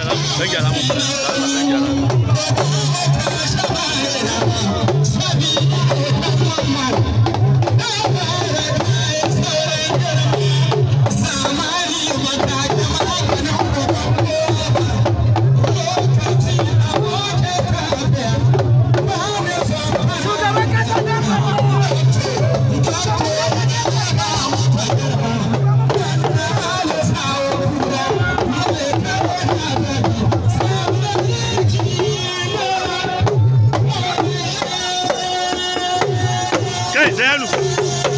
gyara dan gyara mu dan gyara seis anos.